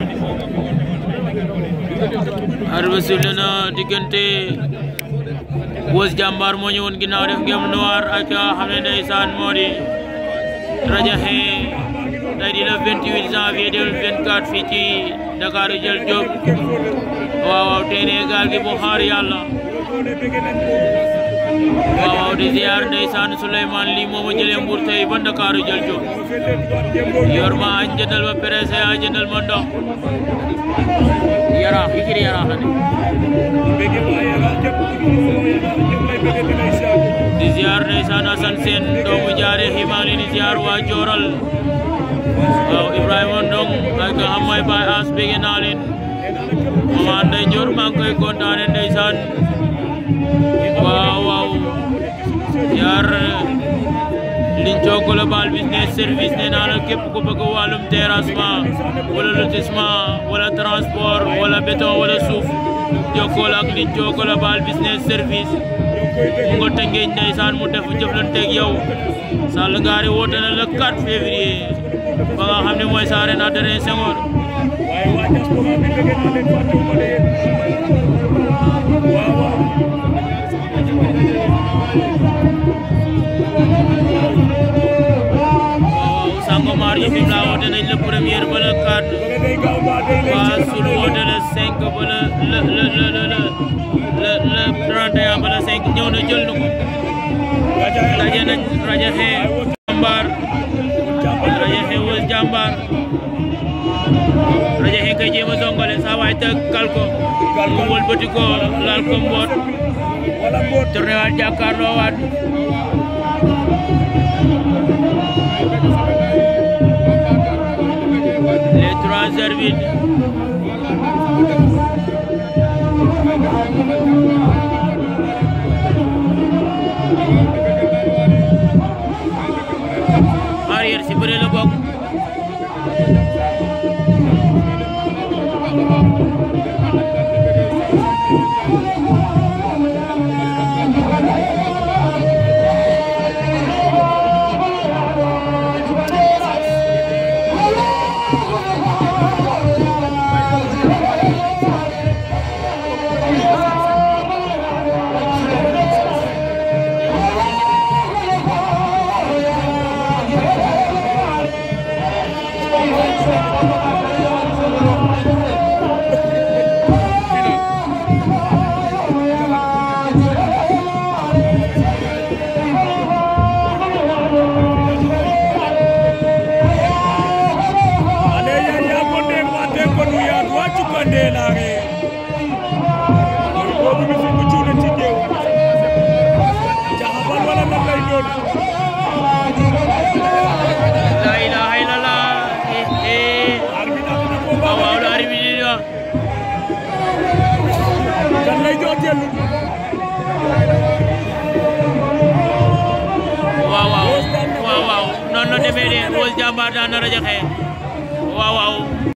arbitre sifflé na diggante Weuz Diambar moo ñëwoon ginnaaw def gem noir ak xam ne ndeysaan moo di Radiakhé tey di la 28 janvier 2024 fii ci Dakar Jël Diop waaw waaw gaal gi bu xaar waaw waaw di ziar ndeysaan Souleymane lii moom a jëlee Mbour tey ba Ndakaaru jël jóg yor ma añ jëndal ma presse a ah, jëndal ma ndox yaraax yi kiri yaraax la ne di ziar ndeysaan Assane Sène doomu jaare ximaali di ziar waa Jooral waaw Ibrahima Ndong ak nga xam mooy Baye As bégg naa leen mama Ndeye Dior maa ngi koy kontaane ndeysaan waaw waaw yar Linco Global Business Service nee naa la képp ku bëgg wàllum terrassement wala lotissement wala transport wala béton wala suuf jokkool ak Linco Global Business Service mu nga tëngeeñ ndeysaan mu def jëflanteeg yow Sall Ngaari woote na le 4 février ba nga ne mooy sa arène Adrien Sangomar Yofim la woote nañ le premier ba le quatre waa Soul woote le cinq ba ba le cinq ñëw na jël na ko daje nañ rajo xee jàmbaar rajo xee wës jàmbaar rajo xee kay jéem a songale ko mu wëlbati ko laal ko mboot tourné waat de service arrière si bëre la Zoss Diambar daan na la joxe waaw waaw